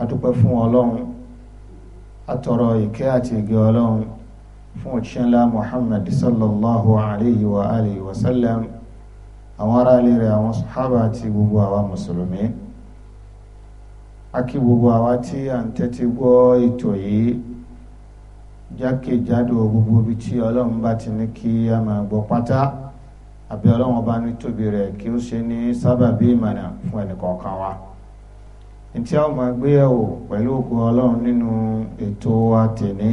adúpẹ́ fún ọlọ́run atọrọ ìkẹ́ àti ìgẹ́ ọlọ́run fún òjíṣẹ́ ńlá muhammad sallallahu alayhi wa alayhi wa sallam àwọn ará ilé rẹ̀ àwọn sàhábà àti gbogbo àwa mùsùlùmí akí gbogbo àwa tí à ń tẹ́tí gbọ́ ètò yìí jákèjádò gbogbo ibi tí ọlọ́run bá ti ní kí a máa gbọ́ pátá àbí ọlọ́run ọba ní tóbi rẹ̀ kí ó ṣe ní sábàbí ìmọ̀nà fún ẹnìkọ̀ọ̀kan wa ntí a máa gbéyàwó pẹ̀lú òkú ọlọ́run nínú ètò àtẹ̀ní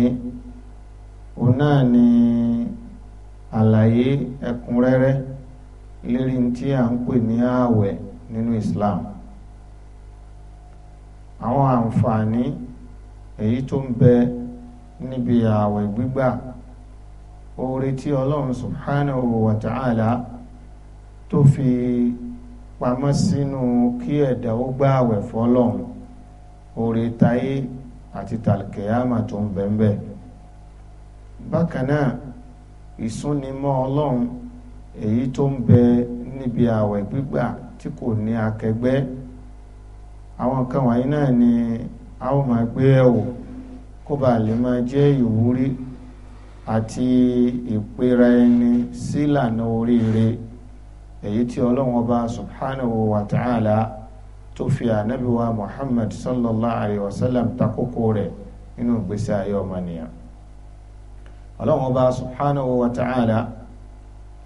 òun náà ni àlàyé ẹ̀kúnrẹ́rẹ́ lérí tí a ń pè ní ààwẹ̀ nínú Islam àwọn àǹfààní èyí tó ń bẹ níbi ààwẹ̀ gbígbà oore tí ọlọ́run subhanahu wa ta'ala tó fi pamọ́ sínú kí ẹ̀dáwó gbá àwẹ̀ fọ́lọ́run oore táyé àti tàlùkẹ́yàmà tó ń bẹ́ńbẹ́ bákanáà náà ìsúnnimọ́ ọlọ́run èyí tó ń bẹ níbi àwẹ̀ gbígbà tí kò ní akẹgbẹ́ àwọn kan wọ̀nyí náà ni a ó máa gbé ẹ̀wò kó ba lè máa jẹ́ ìwúrí àti ìpera ẹni sílànà oríire. Si èyí tí ọlọ́run ọba subhanahu wa ta'ala tó fi ànábì wa muhammad sallallahu alayhi wa sallam takókó rẹ̀ nínú ìgbésí ayé ọmọnìyàn ọlọ́run ọba subhanahu wa ta'ala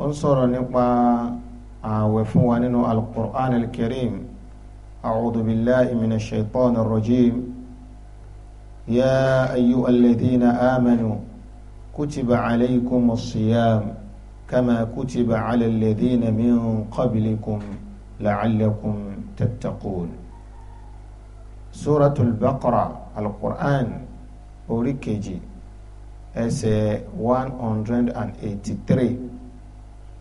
ó ń sọ̀rọ̀ nípa ààwẹ̀ fún wa nínú alqur'an alkarim a'udhu billahi minash shaitanir rajim ya ayyuhalladhina amanu kutiba alaykumus siyam. كما كتب على الذين من قبلكم لعلكم تتقون سورة البقرة القرآن أوريكيجي ẹsẹ̀ one hundred and eighty three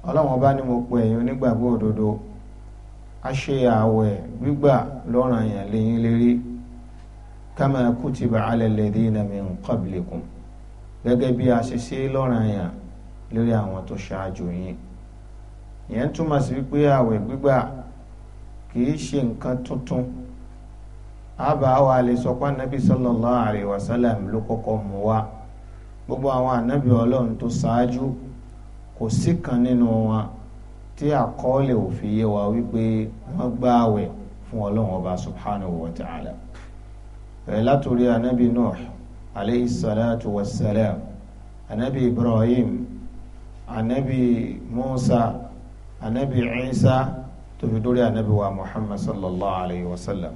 ọlọ́run ọba ni mo pè ẹ̀yin onígbàgbọ́ òdodo a ṣe ààwẹ̀ gbígbà lọ́ràn yẹn lẹ́yìn lérí kama kutiba ala alladhina min qablikum gẹ́gẹ́ bí a ṣe ṣe yẹn lórí àwọn tó ṣáájú yín ìyẹn túmọ̀ sí wípé àwẹ̀ gbígbà kìí ṣe nǹkan tuntun àbá wa lè sọ pé anabi sallallahu alayhi wa sallam ló kọ́kọ́ mú wa gbogbo àwọn anabi ọlọ́run tó ṣáájú kò sí kan nínú wọn tí àkọọ́lẹ̀ ò yé wa wípé wọ́n gba àwẹ̀ fún ọlọ́run ọba subhanahu wa ta'ala rẹ̀ látòrí anabi nuh alayhi salatu wa salam anabi ibrahim anabi musa anabi isa tó fi dórí anabi wa muhammad sallallahu alayhi wa sallam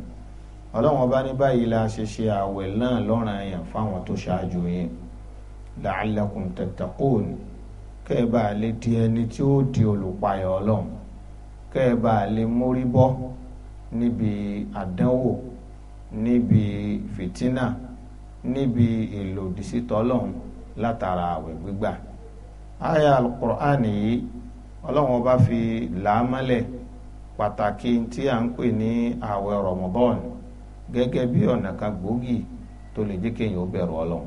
ọlọ́run ọba ní báyìí la ṣe ṣe àwẹ̀ náà lọ́ràn yẹn fáwọn tó ṣáájú yẹn la'allakum tattaqun kẹ́ẹ̀bà lè di ẹni tí ó di olùpayọ̀ ọlọ́run kẹ́ẹ̀bà lè mórí bọ́ níbi àdánwò níbi fìtínà níbi ìlòdì sí látara àwẹ̀ gbígbà. aya alukur'an yi ọlọ́run ọba fi làámọ́lẹ̀ pàtàkì tí a ń pè ní ààwẹ̀ rọmọbọ́ọ̀n gẹ́gẹ́ bí ọ̀nà kan gbòógì tó lè jẹ́ kéèyàn ó bẹ̀rù ọlọ́run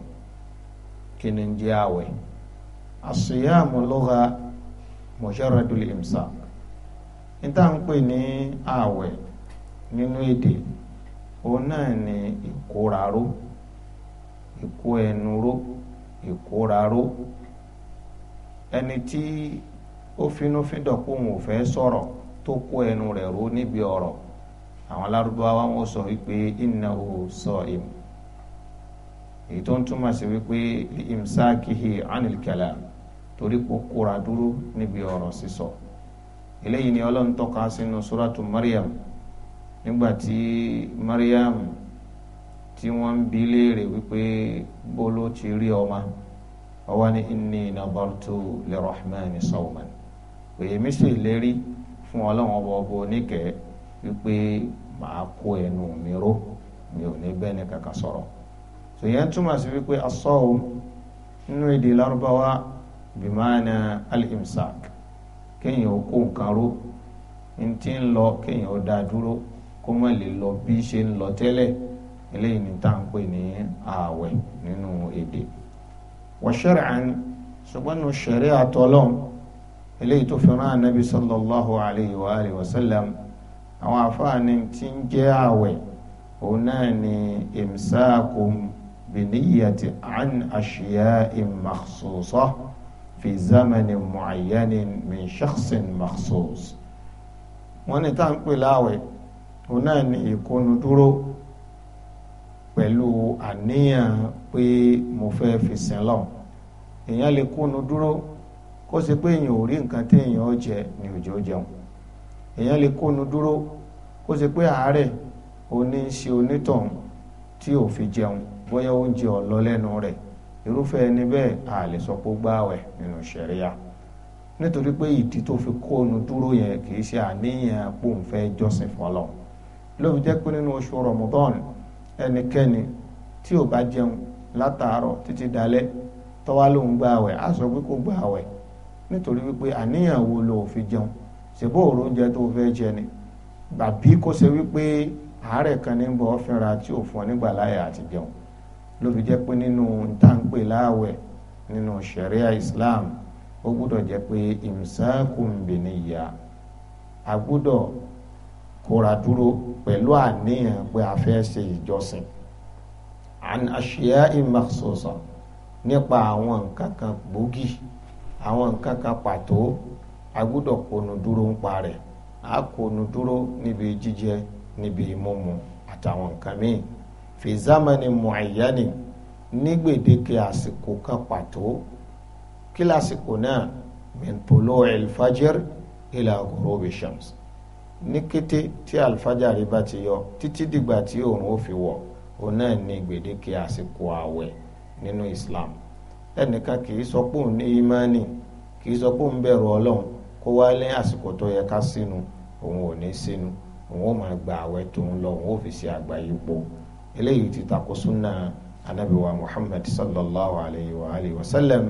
kí ni ń jẹ́ ní tá ààwẹ̀ ẹni tí ó finúfíndọ̀ kó òun ò fẹ́ sọ̀rọ̀ tó kó ẹnu rẹ̀ ró níbi ọ̀rọ̀ àwọn lárúbáwá wọn sọ wípé innahu sa'im èyí tó ń túmọ̀ sí wípé imsakihi anil kalam torí kó kóra dúró níbi ọ̀rọ̀ sísọ eléyìí ni ọlọ́run tọ́ka sínú suratu Maryam nígbà tí Maryam tí wọ́n ń bi léèrè wípé bó ló ti ọwọ́ ni inni nadartu lirahmani sawman èmi sì lérí fún ọlọ́run ọba ọba oníkẹ́ wípé màá kó ẹnu mi ró mi ò ní bẹ́ẹ̀ ni kàkà sọ̀rọ̀ tòyẹn túmọ̀ sí wípé as-sawm nínú èdè lárúbáwá bìmánà al-imsak kéèyàn ó kó nǹkan ró n ti ń lọ kéèyàn ó dá dúró kó má lè lọ bí ṣe ń lọ tẹ́lẹ̀ eléyìí ni tá à ń pè ní ààwẹ̀ nínú èdè wa shar'an ṣùgbọ́n nù ṣẹ̀rí àtọ́lọ́n eléyìí tó fi rán anabi sallallahu alayhi wa alihi wa sallam àwọn àfáàní tí ń jẹ́ àwẹ̀ òun náà ni imsakum biniyati an ashiyain makhsusa fi zamanin muayyanin min shakhsin makhsus wọ́n ní tá à ń pè láwẹ̀ òun náà ni ìkónú dúró. pẹ̀lú àníyàn pé mo fẹ́ fi sin lọ èèyàn lè kúnnu dúró kó pé èèyàn ò rí nǹkan tí èèyàn ó jẹ ní òjò jẹun èèyàn lè kúnnu dúró kó pé àárẹ̀ oní ṣe onítọ̀hún tí ò fi jẹun bóyá oúnjẹ lẹ́nu irúfẹ́ ẹni bẹ́ẹ̀ a lè sọ pé ó gbààwẹ̀ nínú ṣẹ̀ríà nítorí pé ìdí tó fi kóònù dúró yẹn kì í ṣe ẹnikẹ́ni tí ò bá jẹun látàárọ̀ títí dalẹ́ tó wá lóun gba àwẹ̀ á sọ pé kó gba àwẹ̀ nítorí wípé àníyàn wo ló fi jẹun ṣèbó òrò oúnjẹ tó fẹ́ jẹ ni àbí kó ṣe wípé àárẹ̀ kan ní bọ́ fínra tí ò fún ọ nígbà láyà àti jẹun ló fi jẹ́ pé nínú táǹpẹ̀ láàwẹ̀ nínú ṣẹ̀ríà Islam ó gbúdọ̀ jẹ́ pé ìmùsáàkùn bìnníyà a kóra dúró pẹ̀lú àníyàn pé a fẹ́ ṣe ìjọsìn an aṣíyá ìmọ̀sọ̀sọ̀ nípa àwọn nǹkan kan gbòógì àwọn nǹkan kan pàtó a gbọ́dọ̀ kónú dúró ń parẹ̀ a kónú dúró níbi jíjẹ níbi mímu àtàwọn nǹkan míì fi zamani muayyani ní gbèdéke àsìkò kan pàtó kí lásìkò náà min tulu il fajr ila gurubi shams ní kété tí alifájàre bá ti yọ títí dìgbà tí oòrùn ó fi wọ̀ òun náà ní gbèdéke àsìkò ààwẹ̀ nínú Islam ẹnìkan kì í sọ pé òun ní ìmánì kì í sọ pé òun bẹ̀rù Ọlọ́run kó wá lé àsìkò tó yẹ ká sínú òun ò ní sínú òun ó máa gba ààwẹ̀ tòun lọ òun ó fi ṣe àgbáyépo eléyìí ti tako súnà anabiwa Muhammad sallallahu alayhi wa alayhi wa sallam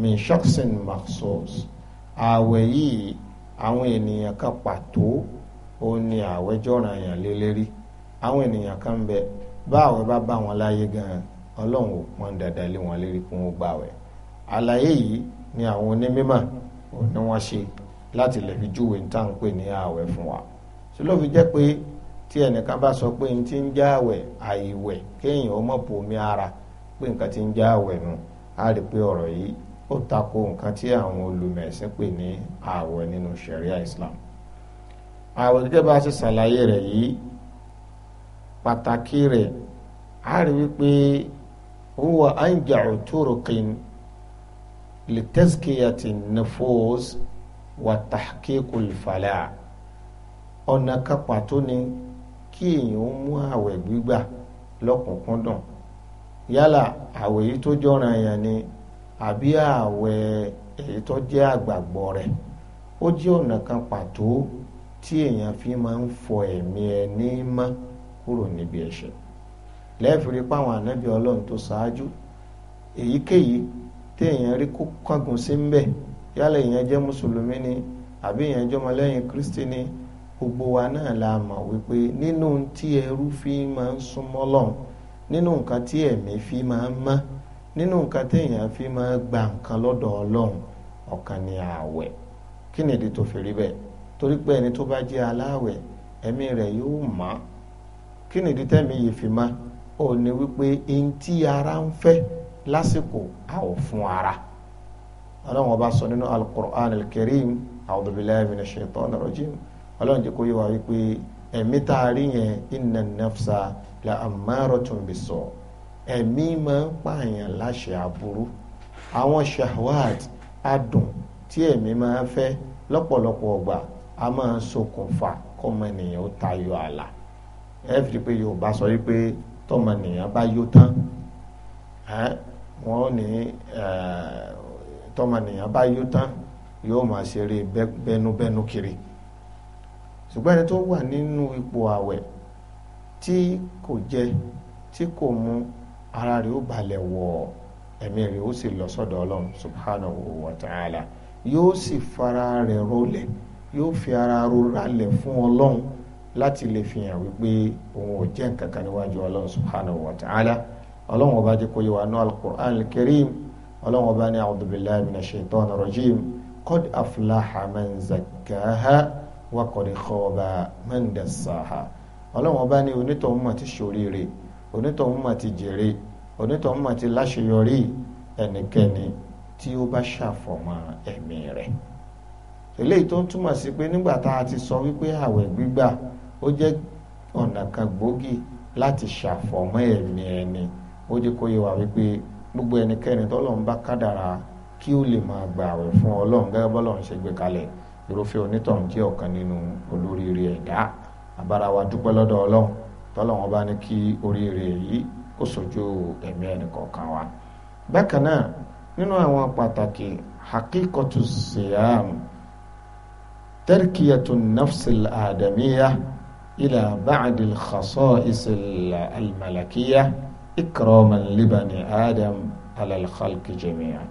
min shaksin maksos ààwẹ̀ yìí àwọn ènìyàn kan pàtó ó ní àwẹ̀ jọ̀ràn èèyàn lé lérí àwọn ènìyàn kan ń bẹ bá àwẹ̀ bá bá wọn láyé gan-an ọlọ́run ò pọn dandan lé wọn lérí kí wọ́n gbà wẹ̀ àlàyé yìí ni àwọn onímọ̀ ò ní wọ́n ṣe láti lè fi júwe níta ń pè ní àwẹ̀ fún wa ṣé ló fi jẹ́ pé tí ẹnìkan bá sọ pé n ti ń já àwẹ̀ àìwẹ̀ kéèyàn ó mọ̀ bomi ara pé nǹkan ti ń já àwẹ̀ nu á rí pé ọ̀rọ̀ yìí ó tako nǹkan tí àwọn olùmẹ̀sìn pè ní àwẹ̀ nínú ṣẹ̀ríà Islam àwọn gẹ́gẹ́ bá a ṣe ṣàlàyé rẹ̀ yìí pàtàkì rẹ̀ a rí wípé huwa anja'u turuqin li tazkiyati nufus wa tahqiqul falah ọ̀nà kan pàtó ni kí èèyàn mú àwẹ̀ gbígbà lọ́kùnkúndùn yálà àwẹ̀ yìí tó jọ̀ràn yẹn ni àbí àwẹ̀ èyí tó jẹ́ àgbàgbọ́ rẹ̀ ó jẹ́ ọ̀nà kan pàtó tí èèyàn fi máa ń fọ ẹ̀mí ẹni mọ́ kúrò níbi ẹ̀ṣẹ̀ lẹ́ẹ̀fìrí páwọn ànábì ọlọ́run tó ṣáájú èyíkéyìí tí èèyàn rí kó kángun sí ń bẹ̀ yálà èèyàn jẹ́ mùsùlùmí ni àbí èèyàn jẹ́ ọmọlẹ́yìn kristi ni gbogbo wa náà la mọ̀ wípé nínú tí ẹrú fi máa ń súnmọ́ lọ́hùn nínú nǹkan tí ẹ̀mí fi máa ń mọ́ nínú nǹkan èèyàn fi máa gba nǹkan lọ́dọ̀ ọlọ́run ọ̀kan ni ààwẹ̀ kí nìdí tó fi rí bẹ́ẹ̀ torí pé ẹni tó bá jẹ́ aláàwẹ̀ ẹ̀mí rẹ̀ yóò mọ́ kí nìdí tẹ́mi yìí fi mọ́ ò ní wípé ẹni tí ara ń fẹ́ lásìkò a ò fún ara ọlọ́run ọba sọ nínú alukur'an alkarim a'udhu billahi minash shaitani rajim ọlọ́run jẹ́ kó yé wa wípé ẹ̀mí tá a rí yẹn inna nafsa la ammaratun biso ẹ̀mí máa ń pààyàn láṣẹ aburú àwọn shahwat adùn tí ẹ̀mí máa ń fẹ́ lọ́pọ̀lọpọ̀ ọgbà a máa ṣokùnfà kọ́mọnìyàn ó tayọ ààlà ẹ fi pé yorùbá sọ wípé tọ́mọnìyàn bá yó tán wọ́n ní tọ́mọnìyàn bá yó tán yóò máa ṣeré bẹ́nubẹ́nu kiri ṣùgbọ́n ẹni tó wà nínú ipò àwẹ̀ tí kò jẹ tí kò mu ara rẹ̀ ó balẹ̀ wọ̀ ẹ̀mí rẹ̀ ó sì lọ sọ́dọ̀ ọlọ́run subhanahu wa ta'ala yóò sì fara rẹ̀ rọlẹ̀ yóò fi ara rora lẹ̀ fún ọlọ́run láti lè fi hàn wípé òun ò jẹ́ nǹkan kan níwájú ọlọ́run subhanahu wa ta'ala ọlọ́run ọba jẹ́ kó yẹ wà ní al-Qur'an al-Karim ọlọ́run ọba ní a'udhu billahi minash shaitani rajim qad aflaha man zakkaha wa qad khaba man dassaha ọlọ́run ọba ní onítọ̀hún mà ti ṣoríire onítọ̀hún mà ti jèrè onítọ̀hún mà ti láṣeyọrí ẹnikẹ́ni tí ó bá ṣàfọ̀mọ́ ẹ̀mí rẹ̀. eléyìí tó ń túmọ̀ sí pé nígbà tá a ti sọ wípé àwẹ̀ gbígbà ó jẹ́ ọ̀nà kan gbòógì láti ṣàfọ̀mọ́ ẹ̀mí ẹni ó jẹ́ kó wa wípé gbogbo ẹnikẹ́ni tọ́lọ́run bá kádàrá kí ó lè máa gba àwẹ̀ fún ọlọ́run gẹ́gẹ́ bọ́lọ́run ṣe gbé kalẹ̀ irúfẹ́ onítọ̀hún jẹ́ ọ̀kan nínú olóríire ẹ̀dá àbára wa dúpẹ́ lọ́dọ̀ ọlọ́run tọ́lọ́run bá ní kí oríire wa. bákan náà nínú àwọn pàtàkì تركية النفس الآدمية إلى بعد الخصائص الملكية إكراما لبني آدم على الخلق جميعا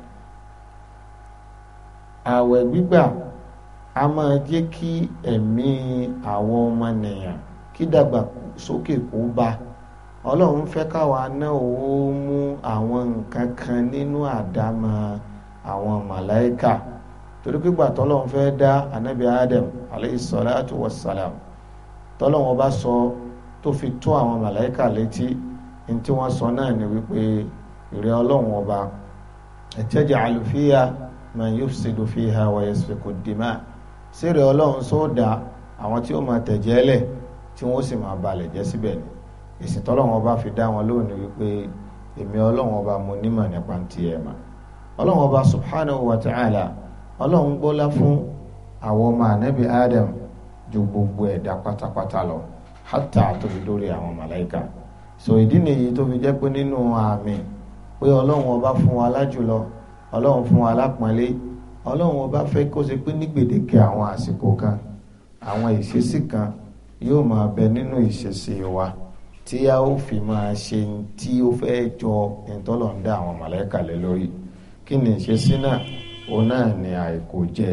àwẹ̀ gbígbà a máa jẹ́ kí ẹ̀mí àwọn ọmọnìyàn kí dàgbà sókè kó bá ọlọ́run fẹ́ káwa náà ó mú àwọn nǹkan kan nínú àdámọ́ àwọn màláíkà torí pé gbà tọ́lọ́hún fẹ́ dá anabi adam aleyhi salatu wa salam tọ́lọ́hún ọba sọ tó fi tó àwọn màláìka létí ní tí wọ́n sọ náà ni wípé ìrẹ́ ọlọ́hún ọba ataj'alu fiha man yufsidu fiha wa yasfiku dima sírẹ̀ ọlọ́hún sódà àwọn tí ó máa tẹ̀jẹ́ lẹ̀ tí wọ́n sì máa balẹ̀ jẹ́ síbẹ̀ ni èsì tọ́lọ́hún ọba fi dá wọn lónìí wípé èmi ọlọ́hún ọba mo nímọ̀ nípa ti ẹ̀ mà ọlọ́hún ọba subhanahu wa ta'ala ọlọ́run gbọ́lá fún àwọn ọmọ ànábì adam ju gbogbo ẹ̀dá pátápátá lọ hátà tó fi dórí àwọn màláìka so ìdí nìyí tó fi jẹ́ pé nínú àmì pé ọlọ́run ọba fún wa lájùlọ ọlọ́run fún wa lápọ́nlé ọlọ́run ọba fẹ́ kó ṣe pé ní gbèdéke àwọn àsìkò kan àwọn ìṣesí kan yóò máa bẹ nínú ìṣesí wa tí a ó fi máa ṣe tí ó fẹ́ jọ ìtọ́lọ̀ ń dá àwọn màláìka lé lórí kí ni ìṣesí náà òun náà ni àìkò jẹ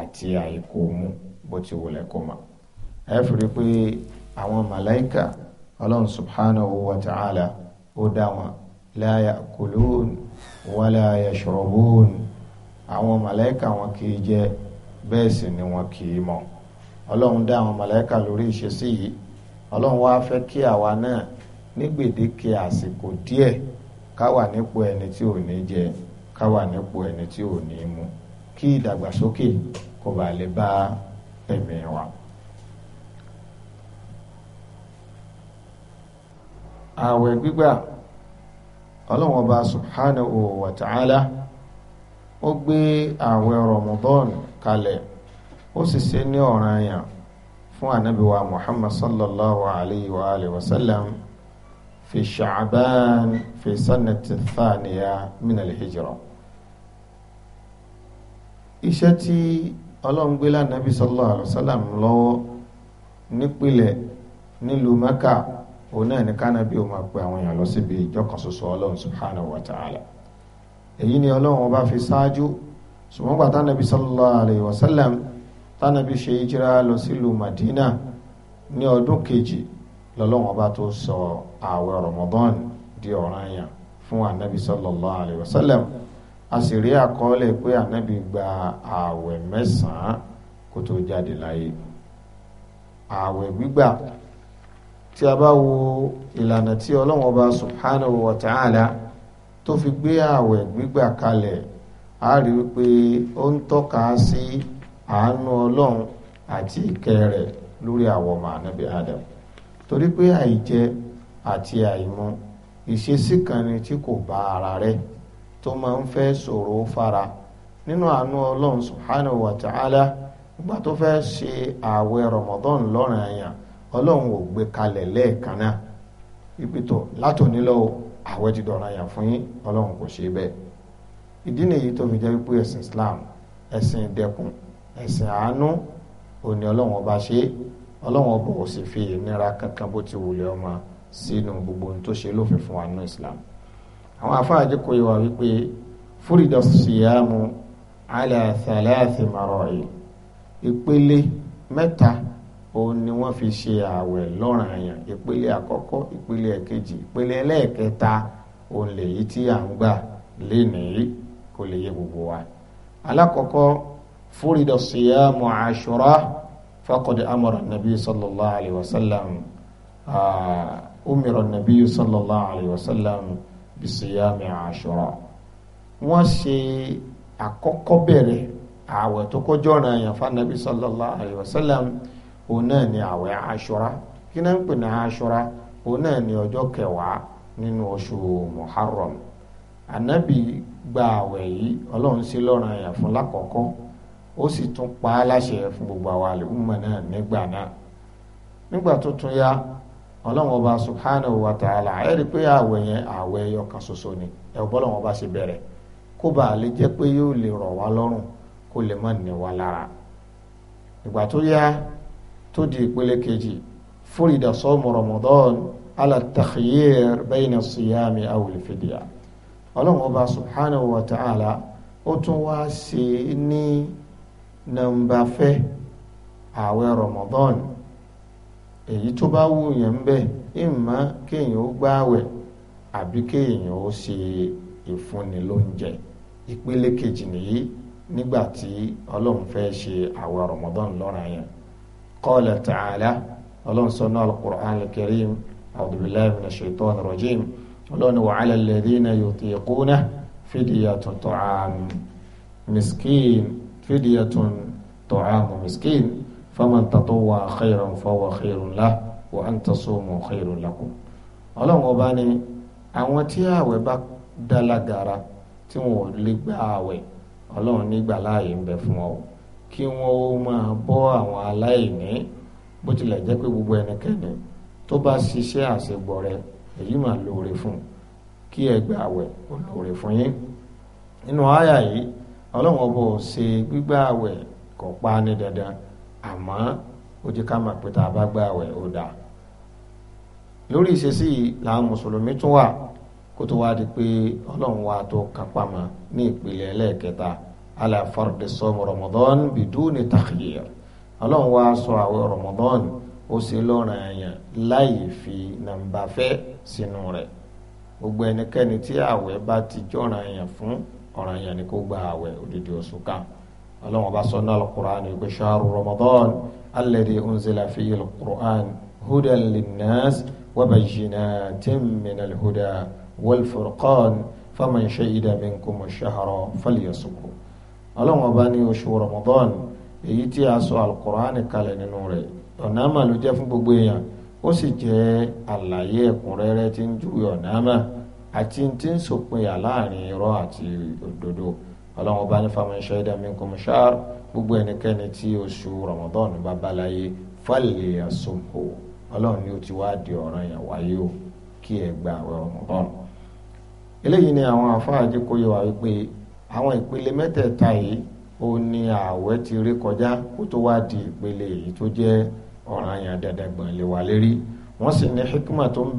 àti àìkò mu bó ti wulẹ̀ kó ma ẹ fi rí pé àwọn màláìka ọlọ́run subhanahu wa ta'ala ó dá wọn la ya'kulun wala yashrabun àwọn màláìka wọn kì í jẹ bẹ́ẹ̀ sì ni wọn kì í mu ọlọ́run dá àwọn màláìka lórí ìṣesí yìí ọlọ́run wá fẹ́ kí àwa náà ní gbèdéke àsìkò díẹ̀ ká nípò ẹni tí ò ní jẹ ká wà nípò ẹni tí ò ní mú kí ìdàgbàsókè kó bàa lè bá ẹ̀mí wa. àwẹ̀ gbígbà ọlọ́wọ́n ọba subhanahu wa ta'ala ó gbé àwẹ̀ Ramadan kalẹ̀ ó sì ṣe ní ọ̀ranyàn fún ànábì Muhammad sallallahu alayhi wa alayhi wa في شعبان في سنة الثانية من الهجرة iṣẹ́ tí ọlọ́run gbé lánàbí sallallahu alaihi wasallam lọ́wọ́ nípìnlẹ̀ nílùú mẹ́kà òun náà ní kánàbí ó máa pe àwọn èèyàn lọ síbi ìjọkan ṣoṣo ọlọ́run subhanahu wa ta'ala èyí ni ọlọ́run ọba fi ṣáájú ṣùgbọ́n gbà tánàbí sallallahu alaihi wasallam tánàbí ṣe hijira lọ sílùú madina ní ọdún kejì lọ́lọ́wọ́n bá tó sọ ààwẹ̀ Ramadan di ọ̀ranyàn fún anabi sallallahu alayhi wa sallam a sì rí àkọọ́lẹ̀ pé anabi gba ààwẹ̀ mẹ́sàn-án kó tó jáde láyé ààwẹ̀ gbígbà tí a bá wo ìlànà tí ọlọ́wọ́n bá subhanahu wa ta'ala tó fi gbé ààwẹ̀ gbígbà kalẹ̀ a rí wípé ó ń tọ́ka sí àánú ọlọ́run àti ìkẹ́ rẹ̀ lórí àwọn anabi Adam torí pé àìjẹ àti àìmu ìṣesí kan ni tí kò bá ara rẹ tó máa ń fẹ́ ṣòro fara nínú àánú ọlọ́run subhanahu wa ta'ala nígbà tó fẹ́ ṣe ààwẹ̀ ramadan lọ́rùn àyàn ọlọ́run ò gbé kalẹ̀ lẹ́ẹ̀kan náà ìpìtọ̀ látòní lọ́wọ́ ààwẹ̀ ti dọ̀ràn àyàn fún yín ọlọ́run kò ṣe bẹ́ẹ̀ ìdí nìyí tó fi jẹ́ wípé ẹ̀sìn islam ẹ̀sìn ìdẹkùn ẹ̀sìn àánú òní ọlọ́run ọba ṣe ọlọ́run ọba ò sì fi ìnira kankan bó ti wùlẹ̀ ọmọ sínú gbogbo ohun tó ṣe lófin fún wa nínú islam àwọn afáàjẹ kò yẹ wá wípé fúrídà síyàmù ala thalathi marahil ìpele mẹ́ta òun ni wọ́n fi ṣe ààwẹ̀ lọ́ranyàn ìpele àkọ́kọ́ ìpele ẹ̀kejì ìpele ẹlẹ́ẹ̀kẹta òun lèyí tí à ń gbà lénìí kò lè yẹ gbogbo wa alákọ̀ọ́kọ́ fúrídà síyàmù àṣúrà. فقد أمر النبي صلى الله عليه وسلم أمر النبي صلى الله عليه وسلم بصيام عاشوراء wọ́n ṣe àkọ́kọ́ bẹ̀rẹ̀ ààwẹ̀ tó kọjọ́ ọ̀ràn yẹn fanabi sallallahu alayhi wa sallam òun náà ni ààwẹ̀ aṣọra kí náà ń pè ní aṣọra òun náà ni ọjọ́ kẹwàá nínú oṣù muharram anabi gba ààwẹ̀ yìí ọlọ́run sí lọ́ràn yẹn fún lákọ̀ọ́kọ́ ó sì tún pa á láṣẹ fún gbogbo àwa àlùmọ̀ náà nígbà náà nígbà tó tún yá ọlọ́run ọba subhanahu wa ta'ala ẹ rí i pé ààwẹ̀ yẹn ààwẹ̀ ẹyọkan ṣoṣo ni ẹ ò bọ́lọ́run ọba ṣe bẹ̀rẹ̀ kó bàa lè jẹ́ pé yóò lè rọ̀ wá lọ́rùn kó lè má ní wa lára ìgbà tó yá tó di ìpele kejì fúrìdà sọ́ọ̀mù ramadan ala takhyir siyami awil fidiya ọlọ́run ọba subhanahu wa ta'ala ó tún wá ṣe ní nọ́mbà fẹ́ ààwẹ̀ Ramadan èyí tó bá wù yẹn ń bẹ ìmọ̀ kéèyàn ó gbààwẹ̀ àbí kéèyàn ó ṣe ìfúnni lóúnjẹ ìpele kejì nìyí nígbà tí ọlọ́run fẹ́ ṣe ààwẹ̀ Ramadan lọ́ràn yẹn qala ta'ala ọlọ́run sọ́nà al-Qur'an al-Karim a'udhu billahi minash shaitani rajim ọlọ́run wa 'ala alladhina yutiquna miskin fídíyàtún tọ́hámù miskin faman tatawwa khairan fahuwa khairun lahu wa an tasumu khairun lakum. ọlọ́run ọba ni àwọn tí ààwẹ̀ bá dálágara tí wọn ò lè gba ààwẹ̀ ọlọ́run nígbà láàyè ń bẹ fún ọ kí wọn ó máa bọ́ àwọn aláìní bó tilẹ̀ jẹ́ pé gbogbo ẹnikẹ́ni tó bá ṣiṣẹ́ àṣegbọrẹ èyí máa lóore fún kí ẹ gba ààwẹ̀ ó fún yín nínú àyà yìí ọlọ́run ọba ò ṣe gbígbà àwẹ̀ kò pa á ní dandan àmọ́ ó jẹ́ ká máa pé tá a bá gbà àwẹ̀ ó dáa lórí ìṣesí làwọn mùsùlùmí tún wà kó tó wá di pé ọlọ́run wa tó kápá mọ́ ní ìpìlẹ̀ ẹlẹ́ẹ̀kẹta ala fardi sọm rọmọdọ́n bidúni takhyir ọlọ́run wa sọ àwẹ̀ rọmọdọ́n ó ṣe lọ́rùn àyàn láì fi nàmbà sínú rẹ̀ gbogbo ẹnikẹ́ni tí àwẹ̀ bá ti jọ̀ràn àyàn fún ọ̀ràn yẹn ni kó gba àwẹ̀ odidi oṣù kan ọlọ́run ọba sọ náà alukur'an ìgbé ṣaaru ramadan alladhi unzila fi alukur'an hudan linnas wabayyinatin min alhuda walfurqan faman shahida minkum ash-shahra falyasumhu ọlọ́run ọba ní oṣù ramadan èyí tí a sọ alukur'an kalẹ̀ nínú rẹ̀ ọ̀nà àmà jẹ́ fún gbogbo èèyàn ó sì jẹ́ àlàyé ẹ̀kúnrẹ́rẹ́ tí ń júwe ọ̀nà àmà àti tí ń sòpinya láàrin irọ́ àti òdodo ọlọ́run ọba ní faman shahida minkum shahr gbogbo ẹnikẹ́ni tí oṣù Ramadan bá balaye falyasumhu ọlọ́run ni ó ti wá di ọ̀ràn yẹn wáyé o kí ẹ gba àwẹ̀ Ramadan. eléyìí ni àwọn afáàjì kò yẹ wá wípé àwọn ìpele mẹ́tẹ̀ẹ̀ta yìí ó ní ààwẹ̀ ti rí kọjá kó tó wá di ìpele èyí tó jẹ́ ọ̀ràn yẹn dandan gbọ̀n lè wà lérí wọ́n sì ní hikima tó ń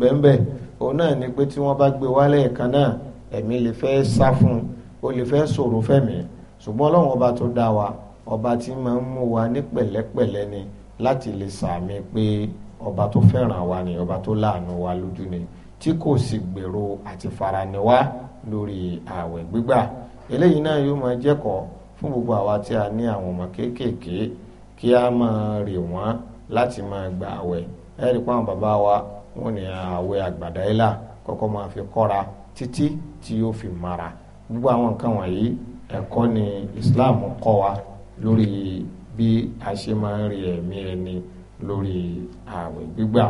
bẹ́ẹ̀ òun náà ni pé tí wọ́n bá gbé wálé ẹ̀kan náà ẹ̀mí lè fẹ́ sá fún un ó lè fẹ́ ṣòro fẹ̀mí ṣùgbọ́n ọlọ́run ọba tó dá wa ọba tí máa ń mú wa ní pẹ̀lẹ́pẹ̀lẹ́ ni láti lè sàmì pé ọba tó fẹ́ràn wa ni ọba tó láàánú wa lójú ni tí kò sì gbèrò àti farani wa lórí ààwẹ̀ gbígbà eléyìí náà yóò máa jẹ́kọ̀ọ́ fún gbogbo àwa tí a ní àwọn ọmọ kéékèèké kí a máa rè wọ́n láti máa gba ààwẹ̀ ẹ̀rí pa àwọn bàbá wa wọ́n ní àwẹ̀ àgbàdá ilà kọ́kọ́ máa fi kọ́ra títí tí yóò fi mara gbogbo àwọn nǹkan wọ̀nyí ẹ̀kọ́ ni Islam kọ́ wa lórí bí a ṣe máa ń rí ẹ̀mí ẹni lórí àwẹ̀ gbígbà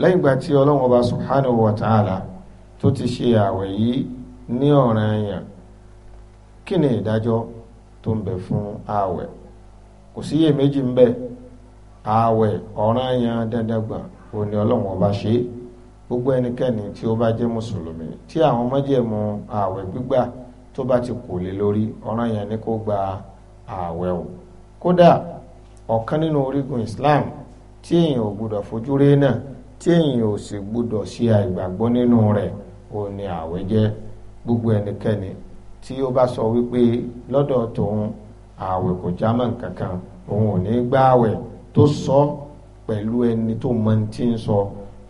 lẹ́yìn ìgbà tí ọlọ́run ọba subhanahu wa ta'ala tó ti ṣe àwẹ̀ yìí ní ọ̀ràn èèyàn kí ni ìdájọ́ tó ń bẹ fún àwẹ̀ kò síyèméjì ń bẹ àwẹ̀ ọ̀ràn èèyàn dandan gbọ̀n òní ọlọ́run ọba ṣe é gbogbo ẹnikẹ́ni tí ó bá jẹ́ mùsùlùmí tí àwọn májẹ̀mú ààwẹ̀ gbígbà tó bá ti kò lé lórí ọ̀ràn yẹn ni kó gba ààwẹ̀ o kódà ọ̀kan nínú orígun Islam tí èèyàn ò gbúdọ̀ fojú rí náà tí èèyàn ò sì gbúdọ̀ ṣe àìgbàgbọ́ nínú rẹ̀ òní ààwẹ̀ jẹ́ gbogbo ẹnikẹ́ni tí ó bá sọ wípé lọ́dọ̀ tòun ààwẹ̀ kò já mọ́ nǹkan kan òun ò ní gbààwẹ̀ tó sọ ọ́ pẹ̀lú ẹni tó mọ tí ń sọ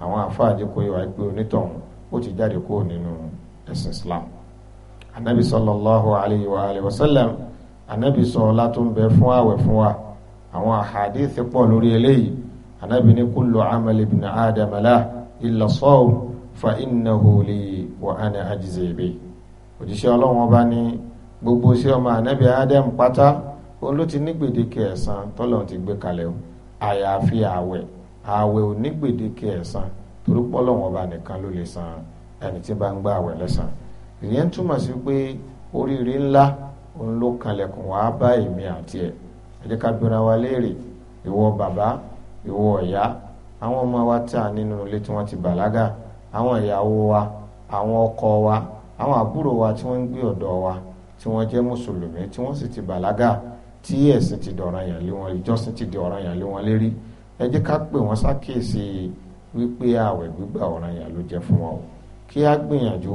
àwọn àfáàjẹ kò yọ àìpé onítọ̀hún ó ti jáde kúrò nínú ẹ̀sìn Islam anabi sallallahu alayhi wa alayhi wa sallam anabi sọ látún bẹ fún àwẹ̀ fún wa àwọn àhàdíìsì pọ̀ lórí eléyìí anabi ní kullu amali ibn adam lah illa sawm fa innahu li wa ana ajzi òjíṣẹ́ ọlọ́run ọba ní gbogbo sí ọmọ anabi adam pátá òun ló ti ní gbèdéke ẹ̀san tọ́lọ́run ti gbé kalẹ̀ o àyàfi ààwẹ̀ ààwẹ̀ ò ní gbèdéke ẹ̀san torí pọ́lọ́wọ́n ọba nìkan ló lè san ẹni tí bá ń gba ààwẹ̀ lẹ́san ìyẹn túmọ̀ sí pé oríire ńlá òun ló kanlẹ̀kùn wá bá èmi àti ẹ̀ ẹ jẹ́ ká gbéra wa léèrè ìwọ bàbá ìwọ ọ̀yá àwọn ọmọ wa tí a nínú ilé tí wọ́n ti bàlágà àwọn ìyàwó wa àwọn ọkọ wa àwọn àbúrò wa tí wọ́n ń gbé ọ̀dọ̀ wa tí wọ́n jẹ́ mùsùlùmí tí wọ́n sì ti bàlágà tí ẹ̀sìn ti dọ̀ra yàn lé wọn ìjọsìn ti di ọ̀ra yàn lé wọn lérí ẹ jẹ́ ká pè wọ́n sákèsì wípé ààwẹ̀ gbígbà ọ̀ra yàn ló jẹ́ fún wọn o kí á gbìyànjú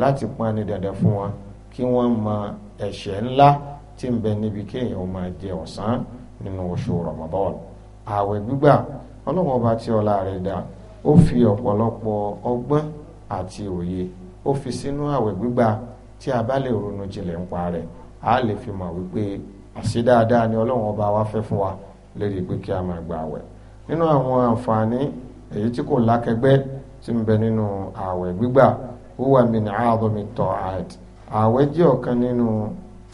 láti pọn ní dandan fún wọn kí wọ́n mọ ẹ̀ṣẹ̀ ńlá tí ń bẹ níbi kéèyàn ó máa jẹ ọ̀sán nínú oṣù Ramadan ààwẹ̀ gbígbà ọlọ́wọ́n ọba tí ọlá rẹ̀ dá ó fi ọ̀pọ̀lọpọ̀ ọgbọ́n àti òye ó fi sínú ààwẹ̀ gbígbà tí a bá lè ronú jinlẹ̀ ń rẹ̀ a lè fi mọ̀ wípé àṣì dáadáa ni ọlọ́run ọba wa fẹ́ fún wa lérí pé kí a máa gba àwẹ̀ nínú àwọn àǹfààní èyí tí kò lákẹgbẹ́ tí ń bẹ nínú àwẹ̀ gbígbà huwa min aadhami ta'at àwẹ̀ jẹ́ ọ̀kan nínú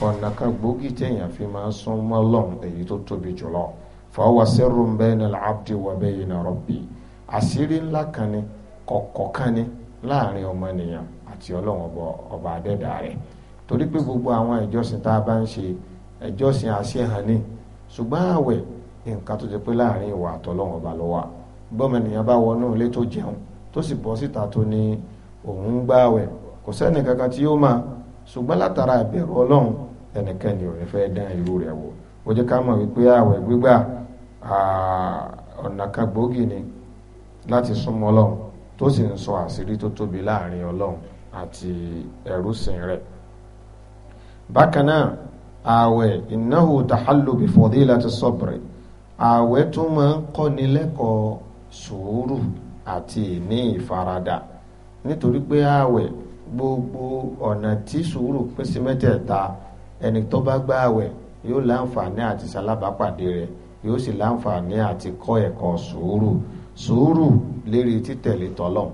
ọ̀nà kan gbòógì téèyàn fi máa ń sún mọ́ èyí tó tóbi jùlọ fa huwa sirrun bayna al-abdi wa bayna rabbi àṣírí ńlá kan ni kọ̀kọ̀ kan ni láàrin ọmọnìyàn àti Ọlọ́run ọba adẹ́dàá rẹ̀ torí pé gbogbo àwọn ìjọsìn tá a bá ń ṣe ẹjọ́ sìn àṣẹ hàn ní ṣùgbọ́n àwẹ̀ nǹkan tó ti pé láàrin ìwà àtọ́lọ́wọ̀n ọba lọ́wọ́ gbọ́mọ ènìyàn bá wọnú ilé tó jẹun tó sì bọ́ síta tó ní òun ń gbá àwẹ̀ kò sẹ́ni kankan tí ó máa ṣùgbọ́n látara ìbẹ̀rù ọlọ́run ẹnikẹ́ni ò ní fẹ́ dán irú rẹ̀ wò ó jẹ́ ká mọ̀ wípé àwẹ̀ gbígbà ọ̀nà kan gbòógì ni láti súnmọ́ ọlọ́run tó sì ń sọ àṣírí tó tóbi láàrin ọlọ́run àti ẹrúsìn rẹ̀ bákan náà ààwẹ̀ innahu tahallu bi fadilati sabri ààwẹ̀ tó máa ń kọ́ni lẹ́kọ̀ọ́ sùúrù àti ìní ìfaradà nítorí pé ààwẹ̀ gbogbo ọ̀nà tí sùúrù pín sí mẹ́tẹ̀ẹ̀ta ẹni tó bá gba ààwẹ̀ yóò láǹfààní àti ṣalábàápàdé rẹ̀ yóò sì láǹfààní àti kọ́ ẹ̀kọ́ sùúrù sùúrù lérí títẹ̀lé tọ́lọ̀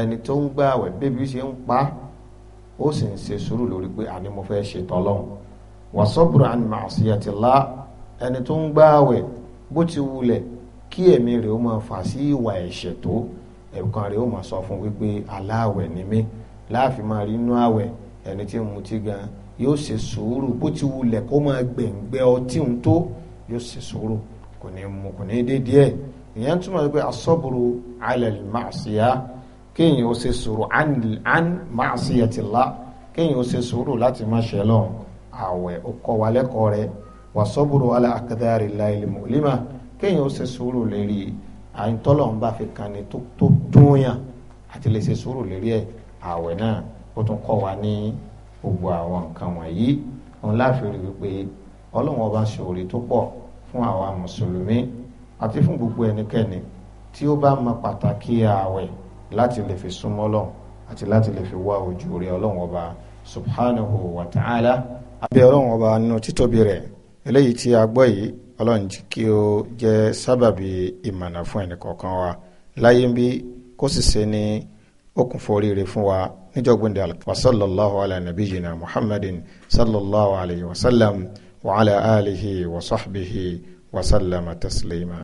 ẹni tó ń gba ààwẹ̀ bébí ṣe ń pa ó sì ń ṣe sùúrù lórí pé àní mo fẹ́ ṣe tọ́lọ́hùn wà sọ́bùrù àni màṣíyàtìlá ẹni tó ń gbààwẹ̀ bó ti wulẹ̀ kí ẹ̀mí rẹ̀ ó máa fà sí ìwà ẹ̀ṣẹ̀ tó ẹ̀kan rẹ̀ ó máa sọ fún wípé aláàwẹ̀ ni mí láàfin máa rí inú àwẹ̀ ẹni tí ń mutí gan yóò ṣe sùúrù bó ti wulẹ̀ kó máa gbẹ̀ngbẹ́ ọtí ń tó yóò ṣe sùúrù kò ní mu kò ní dé díẹ̀ ìyẹn túmọ̀ pé asọ́bùrù alal màṣíyà kéèyàn ó ṣe sùúrù an màṣíyàtìlá kéèyàn ó ṣe sùúrù láti má ṣe àwẹ̀ ó kọ́ wa lẹ́kọ̀ọ́ rẹ̀ wà sọ́bùrù alẹ́ akadari láìlè mọ̀lẹ́mà kéèyàn ó ṣe sùúrù lérí àyíntọ́lọ̀ ń bá fi kànni tó dúnyàn àti lè ṣe sùúrù lérí ẹ̀ àwẹ̀ náà ó tún kọ́ wa ní gbogbo àwọn nǹkan wọ̀nyí òun láfi rí wípé ọlọ́run ọba ṣòrí tó pọ̀ fún àwa mùsùlùmí àti fún gbogbo ẹnikẹ́ni tí ó bá mọ pàtàkì ààwẹ̀ láti lè fi súnmọ́ Ọlọ́run àti láti lè fi wá ojú rere ọlọ́run ọba subhanahu wa ta'ala abẹ́ ọlọ́run ọba nínú títóbi rẹ̀ eléyìí tí a gbọ́ yìí ọlọ́run jí kí ó jẹ́ sábàbí ìmọ̀nà fún ẹnì kọ̀ọ̀kan wa láyé ń bí kó sì ṣe ní okùnfọ́ oríire fún wa níjọ́gbìn dàlù wa sallallahu ala nabiyyina muhammadin sallallahu alayhi wa sallam wa ala alihi wa sahbihi wa sallama taslima.